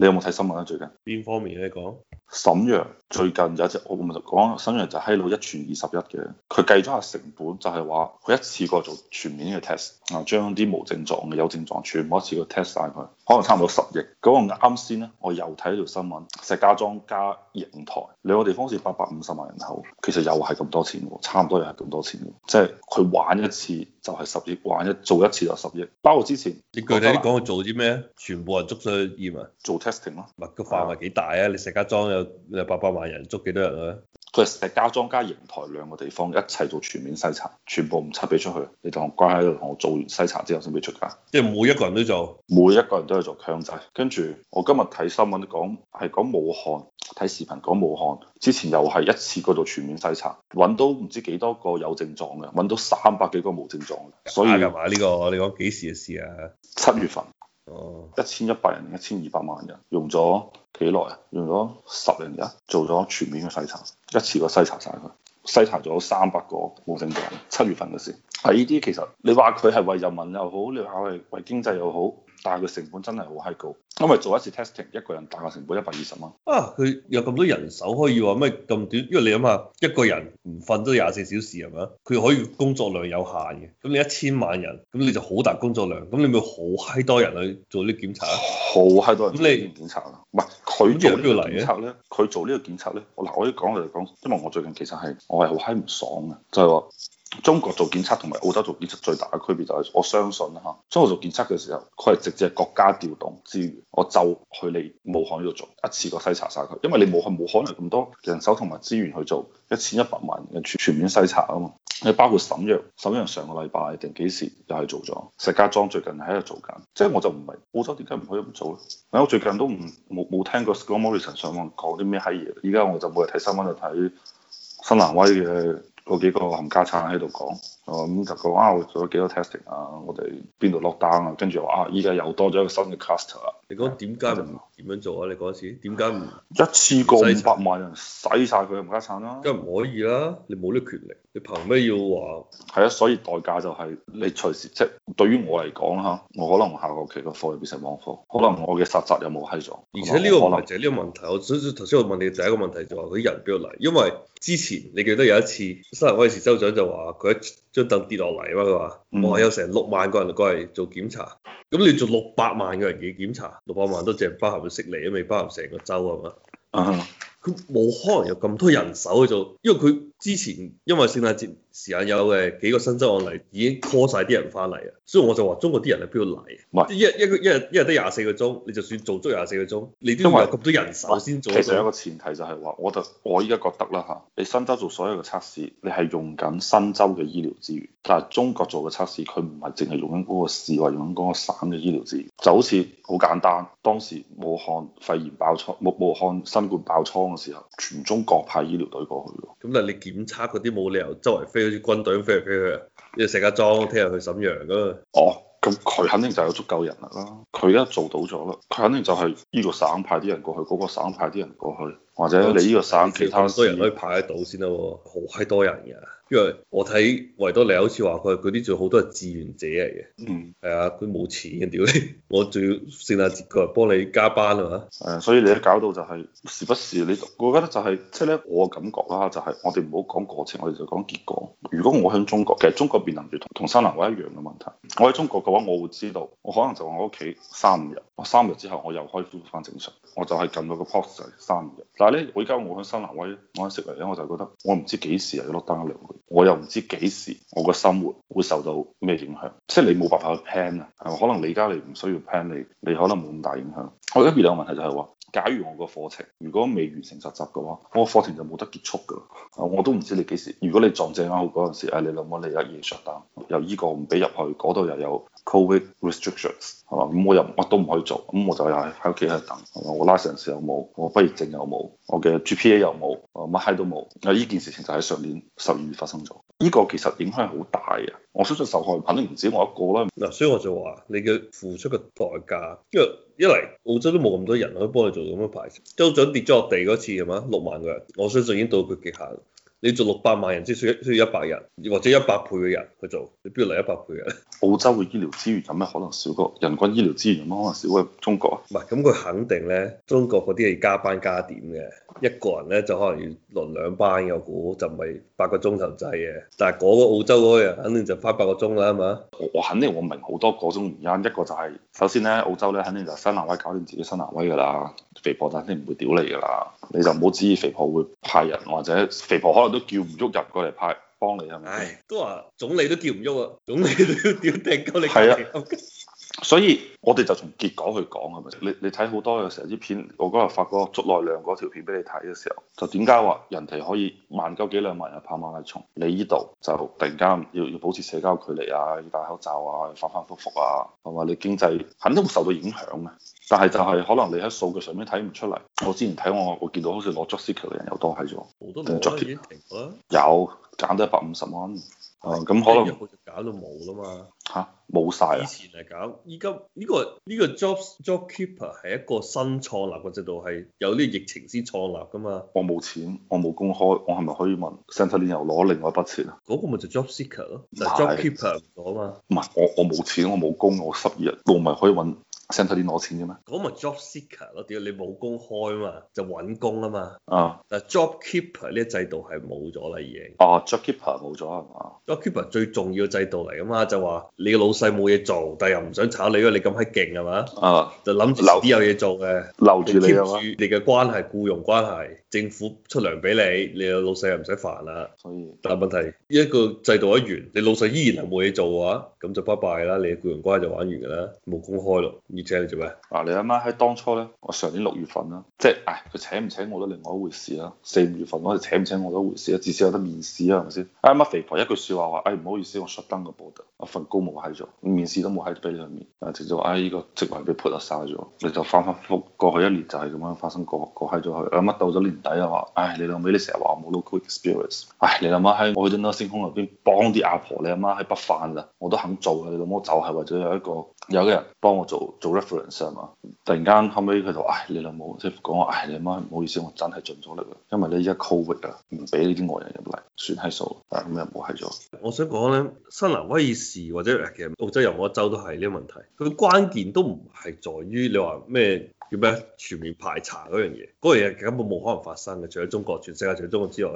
你有冇睇新聞啊？最近邊方面？你講。沈陽最近有一隻我咪就講，沈陽就喺度一傳二十一嘅，佢計咗下成本就係話佢一次過做全面嘅 test，啊將啲無症狀嘅有症狀全部一次過 test 曬佢，可能差唔多十億。嗰、嗰個啱先咧，我又睇條新聞，石家莊加邢台兩個地方先八百五十萬人口，其實又係咁多錢喎，差唔多又係咁多錢嘅，即係佢玩一次就係十億，玩一做一次就十億。包括之前，安你具體啲講佢做啲咩全部人捉咗去驗啊，做 testing 咯。唔，個範圍幾大啊？你石家莊誒，八百萬人捉幾多人啊？佢係石家莊加邢台兩個地方一齊做全面篩查，全部唔測俾出去，你同我關喺度同我做完篩查之後先俾出街。即係每一個人都做，每一個人都係做強制。跟住我今日睇新聞講，係講武漢睇視頻，講武漢之前又係一次過做全面篩查，搵到唔知幾多個有症狀嘅，搵到三百幾個冇症狀嘅。所以，今話呢個你講幾時嘅事啊？七月份。一千一百人，一千二百萬人，用咗幾耐啊？用咗十零年啊，做咗全面嘅篩查，一次過篩查晒佢，篩查咗三百個無症狀，七月份嘅事。係呢啲其實，你話佢係為人民又好，你話係為經濟又好，但係佢成本真係好閪高，因為做一次 testing 一個人大概成本一百二十蚊。啊，佢有咁多人手可以話咩咁短？因為你諗下，一個人唔瞓都廿四小時係咪？佢可以工作量有限嘅。咁你一千萬人，咁你就好大工作量。咁你咪好閪多人去做啲檢查，好閪多人做呢啲檢查啦。唔係佢做呢個檢查咧，佢、啊、做呢個檢查咧。嗱、啊，我要講嚟講，講，因為我最近其實係我係好閪唔爽嘅，就係、是、話。中國做檢測同埋澳洲做檢測最大嘅區別就係，我相信嚇、啊，中國做檢測嘅時候，佢係直接國家調動資源，我就去你武漢呢度做一次過篩查曬佢，因為你武漢冇可能咁多人手同埋資源去做一千一百萬嘅全全面篩查啊嘛，你包括沈陽，沈陽上個禮拜定幾時又係做咗。石家莊最近喺度做緊，即係我就唔係澳洲點解唔可以咁做咧？我最近都唔冇冇聽過 Scott Morrison 上網講啲咩閪嘢，而家我就每日睇新聞就睇新南威嘅。嗰幾個冚家鏟喺度講。咁、嗯、就講啊，啊，我做咗幾多 testing 啊，我哋邊度 lock down 啊，跟住話啊，依家又多咗一個新嘅 cluster 啊。你講點解唔點樣做啊？你講一次，點解唔一次過五百萬人使晒佢唔得散啦？梗係唔可以啦，啊，你冇呢個權力，你憑咩要話？係啊，所以代價就係，是，你隨時即係對於我嚟講嚇，我可能下個期個課又變成網課，可能我嘅實習有冇閪咗。而且呢個唔係就係呢個問題，嗯、我想頭先我問你第一個問題就係話嗰啲人邊度嚟？因為之前你記得有一次新南威爾斯州州長就話佢張跌落嚟啊嘛，佢話我有成六萬個人過嚟做檢查，咁你要做六百萬嘅人嘅檢查，六百萬都淨係包含悉尼啊，未包含成個州啊嘛。啊！Uh huh. 冇可能有咁多人手去做，因為佢之前因為聖誕節時間有誒幾個新州案例，已經 call 晒啲人翻嚟啊，所以我就話中國啲人係邊度嚟？唔係一一個一日一日得廿四個鐘，你就算做足廿四個鐘，你都要咁多人手先做。其實一個前提就係話，我就我依家覺得啦嚇，你新州做所有嘅測試，你係用緊新州嘅醫療資源，但係中國做嘅測試，佢唔係淨係用緊嗰個市，或用緊嗰個省嘅醫療資源。就好似好簡單，當時武漢肺炎爆倉，武武漢新冠爆倉。時候，全中國派醫療隊過去咯。咁但係你檢測嗰啲，冇理由周圍飛，好似軍隊飛嚟飛去。因為石家莊聽日去沈陽㗎。哦，咁佢肯定就有足夠人啦。佢而家做到咗啦，佢肯定就係呢個省派啲人過去，嗰個省派啲人過去。或者你呢個省其他多人都可以排得到先咯，好閪多人嘅，因為我睇維多利好似話佢佢啲仲好多係志願者嚟嘅，嗯，係啊，佢冇錢嘅屌我仲要聖誕節過嚟幫你加班係嘛、啊，所以你搞到就係、是、時不時你，我覺得就係即係咧我感覺啦、就是，就係我哋唔好講過程，我哋就講結果。如果我喺中國，其實中國面臨住同同新南威一樣嘅問題。我喺中國嘅話，我會知道我可能就我屋企三日，我三日之後我又可以恢復翻正常，我就係近到個 post 就係三日。但係咧，我而家我喺新南威，我喺悉尼咧，我就覺得我唔知幾時又要落單糧，我又唔知幾時我個生活會受到咩影響，即係你冇辦法去 plan 啊。可能你而家你唔需要 plan，你你可能冇咁大影響。我而家遇到個問題就係話。假如我個課程如果未完成實習嘅話，我個課程就冇得結束嘅啦。啊，我都唔知你幾時。如果你撞正啱好嗰陣時，啊、哎，你諗我你阿夜上但由依個唔俾入去，嗰度又有 COVID restrictions，係嘛？咁、嗯、我又乜都唔可以做，咁、嗯、我就又喺屋企喺度等。我 licence 又冇，我畢業證又冇，我嘅 GPA 又冇，我乜閪都冇。啊，依件事情就喺上年十二月發生咗。呢個其實影響係好大啊！我相信受害人肯定唔止我一個啦。嗱，所以我就話，你嘅付出嘅代價，因為一嚟澳洲都冇咁多人可以幫你做咁樣排，周准跌咗落地嗰次係嘛，六萬個人，我相信已經到佢極限。你做六百萬人，即需需要一百人，或者一百倍嘅人去做你人，你邊度嚟一百倍啊？澳洲嘅醫療資源有咩可能少過人均醫療資源？有冇可能少過中國啊？唔係，咁佢肯定咧，中國嗰啲係加班加點嘅，一個人咧就可能要輪兩班嘅，我估就唔係。八個鐘頭制嘅，但係嗰個澳洲嗰個啊，肯定就翻八個鐘啦，係嘛？我我肯定我唔明好多個鐘原因，一個就係、是、首先咧，澳洲咧，肯定就新南威搞掂自己新南威噶啦，肥婆就肯定唔會屌你噶啦，你就唔好指意肥婆會派人或者肥婆可能都叫唔喐入過嚟派幫你係咪？唉，都話總理都叫唔喐啊，總理都要屌定鳩你。係是啊。 所以我哋就從結果去講，係咪？你你睇好多嘅成日啲片，我嗰日發個竹內亮嗰條片俾你睇嘅時候，就點解話人哋可以萬九幾兩萬人跑馬拉松，你呢度就突然間要要保持社交距離啊，要戴口罩啊，反反覆覆啊，係嘛？你經濟肯定會受到影響嘅，但係就係可能你喺數據上面睇唔出嚟。我之前睇我我見到好似攞足 s t c 嘅人又多係咗好多，作有減咗一百五十蚊。哦，咁、嗯、可能搞到冇啦嘛，嚇冇晒。啊！以前嚟搞，依家呢個呢、呢個 jobs job keeper 係一個新創立嘅制度，係有呢個疫情先創立噶嘛。我冇錢，我冇工開，我係咪可以問 Centrelink 又攞另外一筆錢啊？嗰個咪就 job seeker 咯，但係 job keeper 唔到啊嘛。唔係我我冇錢，我冇工，我十二日我唔咪可以揾。想睇啲攞錢啫嘛，咁個 job seeker 咯，屌你冇工開嘛，就揾工啊嘛，啊，uh, 但係 job keeper 呢啲制度係冇咗啦已經，哦、uh,，job keeper 冇咗係嘛？job keeper 最重要嘅制度嚟啊嘛，就話你個老細冇嘢做，但係又唔想炒你，因為你咁閪勁係嘛？啊，就諗住留啲有嘢做嘅，留住你咯，你嘅關係僱用關係，政府出糧俾你，你個老細又唔使煩啦，所以，但係問題一個制度一完，你老細依然係冇嘢做嘅話，咁就拜拜 e bye 啦，你僱用關係就玩完㗎啦，冇公開咯。做咩？嗱，你阿媽喺當初咧，我上年六月份啦，即係唉，佢請唔請我都另外一回事啦。四五月份我哋請唔請我都一回事啦，啊，至少有得面試啦，係咪先？阿媽肥婆一句説話話唉，唔好意思，我 shut down 個 board，我份高冇喺咗，面試都冇喺俾你去面，啊直接話唉，呢個職位俾 put aside 咗，你就反反覆，覆過去一年就係咁樣發生過過閪咗去。阿、啊、媽到咗年底啊話，哎、唉、哎、你老母你成日話我冇 local experience，唉你阿媽喺我去到嗰星空入邊幫啲阿婆，你阿媽喺北犯啊，我都肯做啊，你老母就係為咗有一個有個人幫我做，做。reference 係嘛？突然間後尾佢就，唉，你老母，好即係講，唉，你阿媽唔好意思，我真係盡咗力啦，因為你依家 covid 啊，唔俾呢啲外人入嚟，算係數，但咁又冇係咗。嗯、我想講咧，新南威爾士或者其實澳洲任何一州都係呢個問題，佢關鍵都唔係在於你話咩。叫咩？全面排查嗰樣嘢，嗰樣嘢根本冇可能發生嘅。除咗中國，全世界除咗中國之外，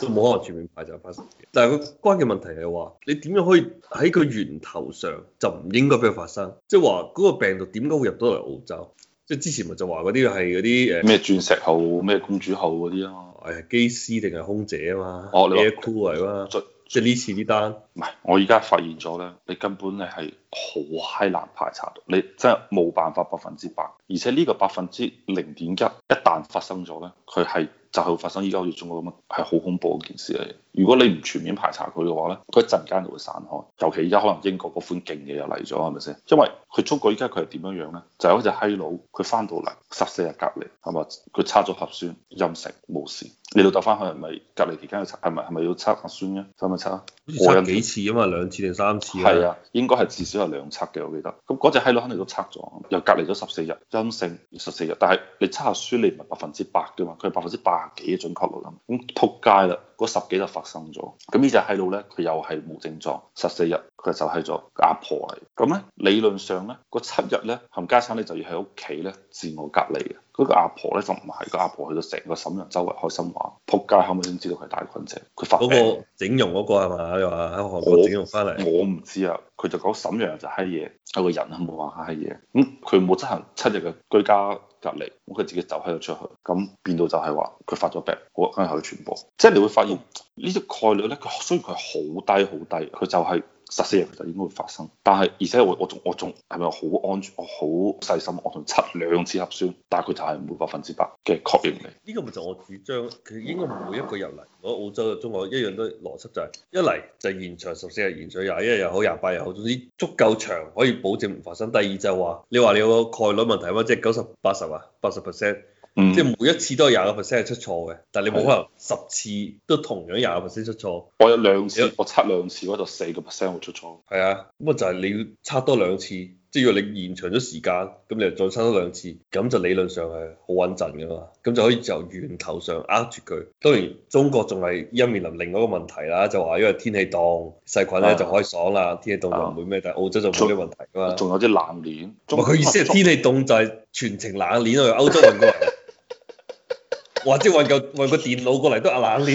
都冇可能全面排查發生嘅。但係佢關鍵問題係話，你點樣可以喺佢源頭上就唔應該俾佢發生？即係話嗰個病毒點解會入到嚟澳洲？即、就、係、是、之前咪就話嗰啲係嗰啲誒咩鑽石號、咩公主號嗰啲啊？係機師定係空姐啊？嘛哦你 i r t 係嘛？即即呢次呢單唔係，我而家發現咗咧，你根本你係。好閪難排查到，你真係冇辦法百分之百，而且呢個百分之零點一一旦發生咗咧，佢係就係會發生依家好似中國咁樣係好恐怖嘅件事嚟。如果你唔全面排查佢嘅話咧，佢一陣間就會散開。尤其依家可能英國嗰款勁嘢又嚟咗，係咪先？因為佢中國依家佢係點樣樣咧？就係好似閪佬，佢翻到嚟十四日隔離，係咪？佢測咗核酸陰性冇事。你老豆翻去係咪隔離期間要測？係咪係咪要測核酸嘅？係咪測？我有幾次啊嘛？兩次定三次啊？係啊，應該係至少。都係兩測嘅，我記得。咁嗰隻閪佬肯定都測咗，又隔離咗十四日陰性十四日。但係你測下輸你，你唔係百分之百嘅嘛？佢係百分之八幾嘅準確率咁，咁撲街啦！嗰十幾日發生咗，咁呢隻喺度咧，佢又係冇症狀十四日，佢就係咗阿婆嚟，咁咧理論上咧個七日咧，冚家鏟咧就要喺屋企咧自我隔離嘅，嗰、嗰個阿婆咧就唔係、嗰個阿婆，去到成個沈陽周圍開心玩，仆街後尾先知道佢係帶菌者，佢發病。個整容嗰個係咪？你話喺韓國整容翻嚟？我唔知啊，佢就講沈陽就係閪嘢，有個人冇話係閪嘢，咁佢冇執行七日嘅居家。隔離，咁佢自己走喺度出去，咁變到就係話佢發咗病，嗰間跟住佢傳播，即係你會發現呢啲概率咧，佢雖然佢係好低、好低，佢就係、是。十四日其實應該會發生，但係而且我我仲我仲係咪好安全？我好細心，我同測兩次核酸，但係佢就係唔會百分之百嘅確認。呢個咪就我主張，佢應該每一個入嚟，我澳洲嘅中國一樣都邏輯就係、是，一嚟就係延長十四日，延長廿一日又好廿八日又好，總之足夠長可以保證唔發生。第二就係、是、話，你話你有個概率問題嘛，即係九十八十啊，八十 percent。嗯、即係每一次都係廿個 percent 係出錯嘅，但係你冇可能十次都同樣廿個 percent 出錯。的有我有兩次，我測兩次嗰度四個 percent 會出錯。係啊，咁啊就係你要測多兩次，即係如果你延長咗時間，咁你又再測多兩次，咁就理論上係好穩陣噶嘛。咁就可以由源頭上呃住佢。當然中國仲係因一面臨另外一個問題啦，就話因為天氣凍細菌咧就可以爽啦，天氣凍就唔會咩，但係澳洲就冇呢個問題㗎嘛。仲有啲冷鏈，佢意思係天氣凍就係全程冷鏈去歐洲運過 或者運個運個電腦過嚟都阿冷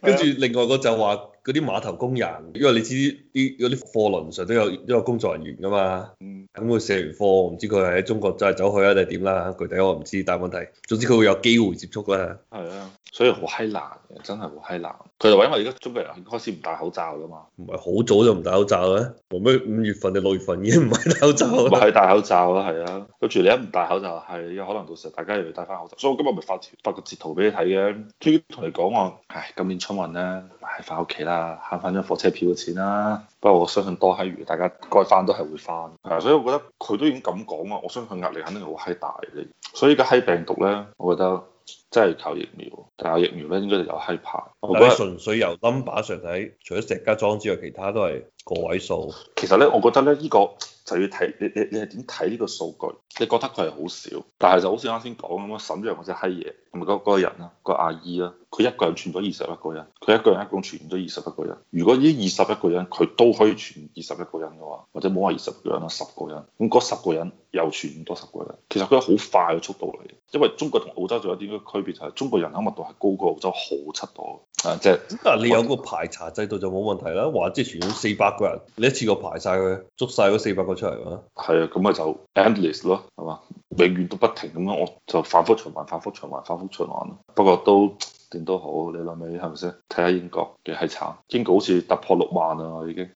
跟住另外一個就話。嗰啲碼頭工人，因為你知啲嗰啲貨輪上都有都有工作人員㗎嘛，咁佢卸完貨，唔知佢係喺中國走嚟走去啊，定係點啦？具體我唔知，但係問題，總之佢會有機會接觸啦。係啊，啊、所以好閪難嘅，真係好閪難。佢就話因為而家中國人開始唔戴口罩㗎嘛。唔係好早就唔戴口罩啊，冇咩五月份定六月份已經唔戴口罩。唔係戴口罩啊，係啊，跟住你一唔戴口罩，係有可能到時候大家又要戴翻口罩，所以我今日咪發發個截圖俾你睇嘅，跟住同你講我，唉，今年春運咧，唉，翻屋企啦。啊，慳翻張火車票嘅錢啦，啊！不過我相信多閪如大家該翻都係會翻，係所以我覺得佢都已經咁講啊！我相信壓力肯定好閪大嘅。所以而家閪病毒咧，我覺得真係靠疫苗，但係疫苗咧應該就有閪怕。我覺得純粹由 number 上睇，除咗石家莊之外，其他都係個位數。其實咧，我覺得咧，依、呢個。就要睇你你你係點睇呢個數據？你覺得佢係好少，但係就好似啱先講咁樣，沈陽嗰隻閪嘢同埋嗰個人啦，個阿姨啦，佢一個人傳咗二十一個人，佢一個人一共傳咗二十一個人。如果呢二十一個人佢都可以傳二十一個人嘅話，或者冇話二十個人啊、十個人，咁嗰十個人又傳多十個人，其實佢係好快嘅速度嚟嘅，因為中國同澳洲仲有一啲嘅區別就係中國人口密度係高過澳洲好七多。啊，即係嗱，你有個排查制度就冇問題啦。話之前有四百個人，你一次過排晒佢，捉晒嗰四百個出嚟嘛？係啊，咁咪就 endless 咯，係嘛？永遠都不停咁樣，我就反覆循環，反覆循環，反覆循環。不過都點都好，你諗唔諗係咪先？睇下英國嘅係慘，英國好似突破六萬啊，已經。